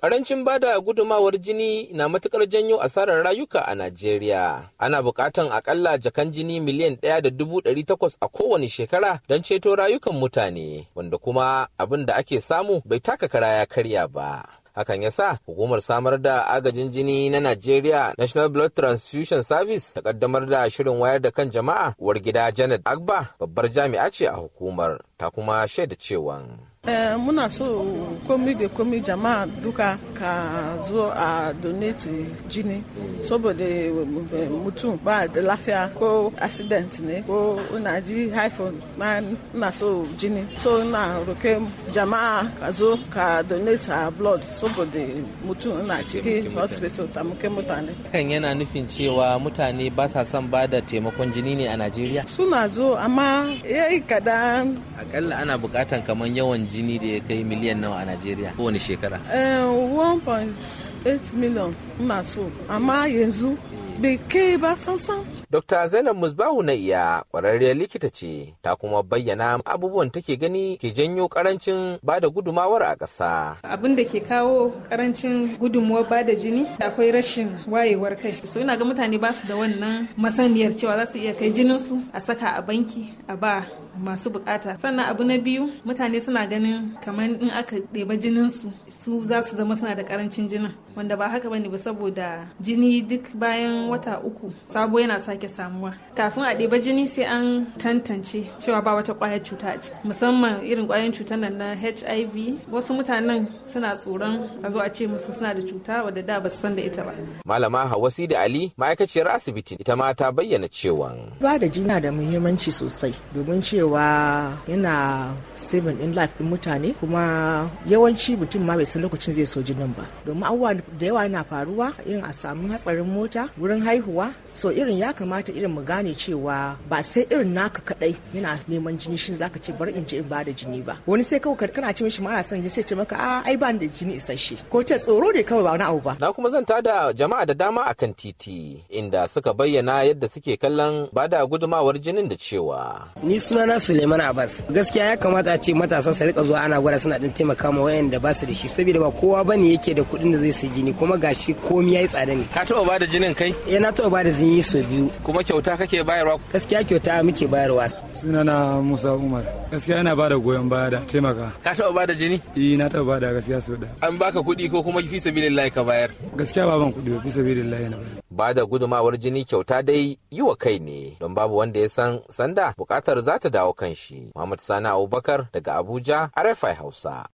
Karancin bada gudumawar jini na matukar janyo asarar rayuka a Najeriya. Ana bukatan akalla jakan jini miliyan ɗaya da dubu ɗari takwas a kowane shekara don ceto rayukan mutane, wanda kuma abin da ake samu bai taka kara ya karya ba. Hakan ya sa hukumar samar da agajin jini na Najeriya National Blood Transfusion Service ta kaddamar da shirin wayar da kan jama'a uwar gida Janet Agba babbar jami'a ce a hukumar ta kuma shaida cewa. Eh, muna so komi de komi jama'a duka ka zo a doneti jini sobode eh, mutum ba lafiya ko accident ne ko na ji haifon na so jini so na roke jama'a ka zo ka donate a blood sobode mutum na ciki hospital tamuke mutane kan yana nufin cewa mutane ba sa son ba da taimakon jini ne a najeriya suna zo amma yayi kadan akalla ana bukatan kamar yawan jini da ya kai miliyan nawa a Najeriya kowane shekara? 1.8 eh, million ina so, amma yanzu eh. be ke ba sansan. Dr. Zainab Musbahu na iya ƙwararriyar likita ce ta kuma bayyana abubuwan take gani ke janyo karancin ba da gudumawar a ƙasa. Abin da ke kawo karancin gudumawar ba da jini akwai rashin wayewar kai. So ina ga mutane ba su da wannan masaniyar cewa za su iya kai jinin su a saka a banki a ba masu bukata. Sannan abu na biyu mutane suna ganin kamar in aka ɗeba jininsu su za su zama suna da karancin jinin wanda ba haka bane ba saboda jini duk bayan wata uku sabo yana sake samuwa kafin a ɗeba jini sai an tantance cewa ba wata ƙwayar cuta ce musamman irin ƙwayar cutar nan na hiv wasu mutanen suna tsoron a zo a ce musu suna da cuta wadda da ba su san da ita ba malama hawasi da ali ma'aikaciyar asibiti ita ma ta bayyana cewa ba da jina da muhimmanci sosai domin cewa yana saving in life din mutane kuma yawanci mutum ma bai san lokacin zai so jinin ba domin abubuwa da yawa yana faruwa irin a samu hatsarin mota wurin haihuwa so irin ya kamata irin mu gane cewa ba sai irin naka kadai yana neman jini shin zaka ce bar in je in bada jini ba wani sai kawai kana ce mishi mara son jini sai ce maka a ai ba da jini isasshe ko ta tsoro ne kawai ba wani abu ba na kuma zan tada jama'a da dama akan titi inda suka bayyana yadda suke kallon bada gudumawar jinin da cewa ni sunana Suleiman Abbas gaskiya ya kamata a ce matasa su rika zuwa ana gwada suna din taimaka ma wayanda ba su da shi saboda ba kowa bane yake da kuɗin da zai siyi jini kuma gashi komai yayi tsada ne ka taba bada jinin kai eh na taɓa bada zinyi sau biyu kuma kyauta kake bayarwa gaskiya kyauta muke bayarwa sunana musa umar gaskiya yana bada goyon baya da taimaka ka taɓa bada jini eh na taɓa bada gaskiya sau da an baka kuɗi ko kuma fi sabilillahi ka bayar gaskiya ba ban kuɗi fi sabilillahi na bayar bada gudumawar jini kyauta dai yi wa kai ne don babu wanda ya san sanda bukatar za ta dawo kan shi Muhammad Sani Abubakar daga Abuja RFI Hausa